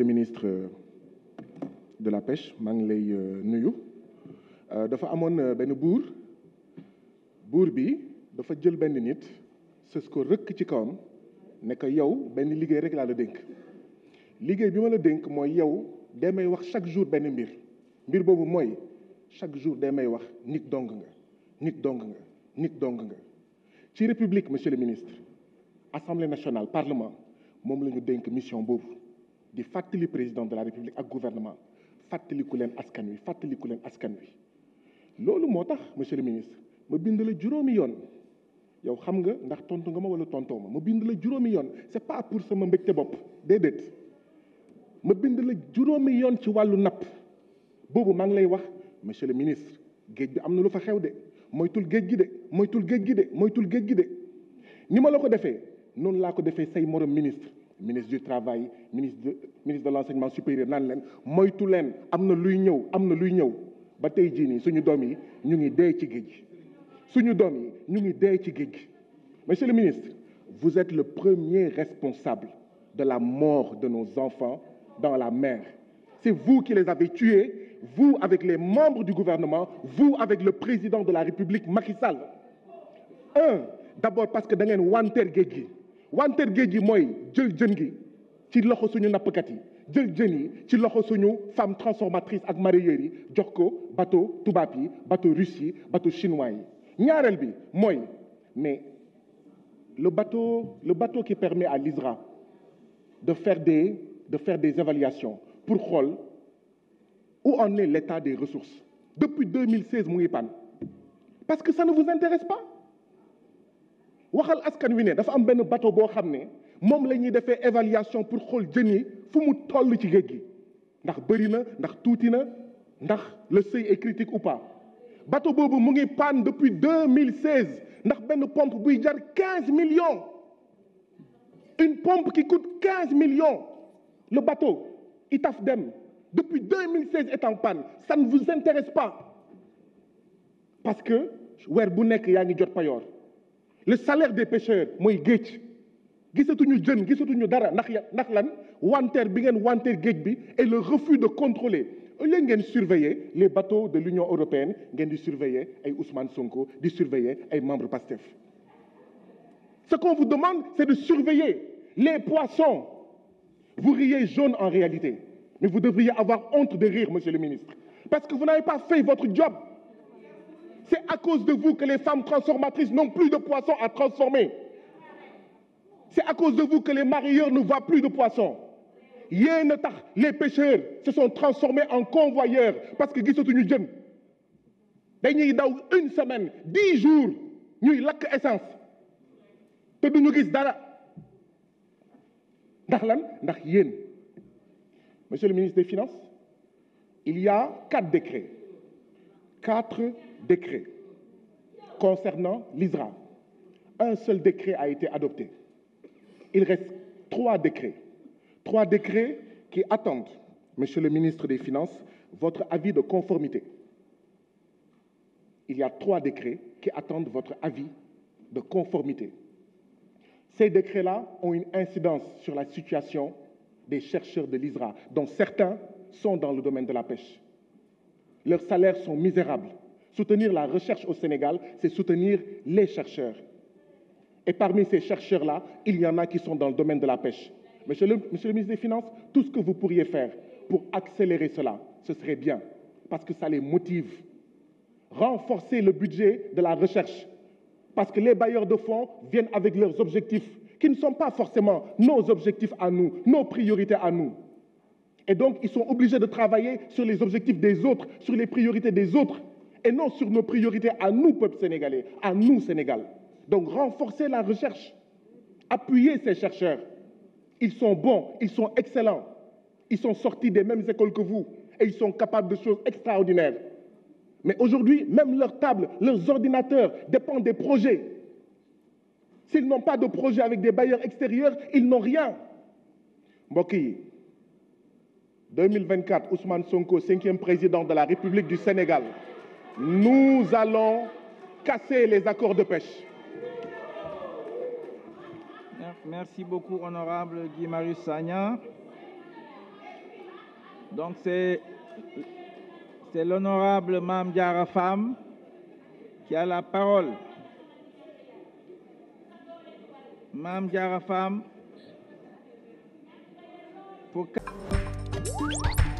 ministre euh, de la pêche maa ngi lay euh, nuyu euh, dafa amoon benn buur buur bi dafa jël benn nit sës ko rëkk ci kawam ne ko yow benn liggéey rek laa la dénk liggéey bi ma la dénk mooy yow demay wax chaque jour benn mbir mbir boobu mooy chaque jour day may wax nit dong nga nit dong nga nit dong nga ci république monsieur le ministre assemblée nationale parlement moom la ñu dénk mission boobu di fàttali président de la république ak gouvernement fàttaliku leen askan wi fàttaliku leen askan wi loolu moo tax monsieur le ministre ma bind la juróomi yoon yow xam nga ndax tontu nga ma wala tontoo ma ma bind la juróomi yoon c'est pas pour sama te bopp déedéet ma bind la juróomi yoon ci wàllu napp boobu maa ngi lay wax monsieur le ministre géej bi am na lu fa xew de moytul géej gi de moytul géej gi de moytul géej gi de ni ma la ko defee noonu laa ko defee say morom ministre ministre du travail ministre de ministre de l'enseignement supérieur naan leen moytu leen am na luy ñëw am na luy ñëw ba tey jii nii suñu doom ñu ngi dee ci géej gi suñu doom ñu ngi dee ci géej gi monsieur le ministre vous êtes le premier responsable de la mort de nos enfants dans la mer c'est vous qui les avez tués vous avec les membres du gouvernement vous avec le président de la République Macky Sall un d'abord parce que da ngeen wanteer géej gi wanteer géej gi mooy jël jën gi ci loxo suñu nappkat yi jël jën yi ci loxo suñu femme transformatrice ak mareyeurs yi jox ko bateau tubaab yi bateau russe yi bateau chinois yi ñaareel bi mooy mais le bateau le bateau qui permet à l'ISRA de faire des des évaluations pour xool où en est l'état des ressources depuis 2016 mu ngi pan parce que ça ne vous intéresse pas waxal askan wi ne dafa am benn bateau boo xam ne moom la ñuy defee évaluation pour xool jën yi fu mu toll ci géej gi ndax bëri na ndax tuuti na ndax le seuil est critique ou pas bateau boobu mu ngi panne depuis 2016 ndax benn pompe buy jar 15 millions une pompe qui coûte 15 millions le bateau Itaf Dem depuis 2016 est en panne ça ne vous intéresse pas parce que weer bu nekk yaa ngi jot payoor le salaire des pêcheurs mooy géej gisatuñu jën gisatuñu dara ndax ya ndax lan wanteer bi ngeen wanteer géej bi et le refus de contrôler au lieu ngeen surveiller les bateaux de l'Union européenne ngeen di surveiller ay Ousmane Sonko di surveiller ay membres PASTEF ce qu'on vous demande c'est de surveiller les poissons vous riez jaune en réalité mais vous devriez avoir honte de rire monsieur le ministre parce que vous n'avez pas fait votre job C'est à cause de vous que les femmes transformatrices n'ont plus de poissons à transformer. C'est à cause de vous que les marieurs ne voient plus de poissons. Les pêcheurs se sont transformés en convoyeurs parce que ils sont tenus jeunes. dañuy daw une semaine dix jours ñuy lakk essence te duñu gis dara ndax lan ndax yéen monsieur le ministre des finances il y a quatre décrets quatre décrets concernant l'ISRA. Un seul décret a été adopté. Il reste trois décrets. Trois décrets qui attendent, Monsieur le ministre des Finances, votre avis de conformité. Il y a trois décrets qui attendent votre avis de conformité. Ces décrets-là ont une incidence sur la situation des chercheurs de l'ISRA, dont certains sont dans le domaine de la pêche. Leurs salaires sont misérables. Soutenir la recherche au Sénégal, c'est soutenir les chercheurs. Et parmi ces chercheurs-là, il y en a qui sont dans le domaine de la pêche. Monsieur le, Monsieur le, Finances, tout ce que vous pourriez faire pour accélérer cela, ce serait bien, parce que ça les motive. Renforcer le budget de la recherche, parce que les bailleurs de fonds viennent avec leurs objectifs, qui ne sont pas forcément nos objectifs à nous, nos priorités à nous. Et donc, ils sont obligés de travailler sur les objectifs des autres, sur les priorités des autres, et non sur nos priorités à nous, peuple sénégalais, à nous, Sénégal. Donc, renforcer la recherche, appuyer ces chercheurs. Ils sont bons, ils sont excellents. Ils sont sortis des mêmes écoles que vous et ils sont capables de choses extraordinaires. Mais aujourd'hui, même leurs table leurs ordinateurs dépendent des projets. S'ils n'ont pas de projet avec des bailleurs extérieurs, ils n'ont yi 2024, Ousmane Sonko, cinquième président de la République du Sénégal, nous allons casser les accords de pêche. Merci beaucoup, honorable Guy-Marius Sagna. Donc, c'est l'honorable Mam Diara Femme qui a la parole. Mam Thank you.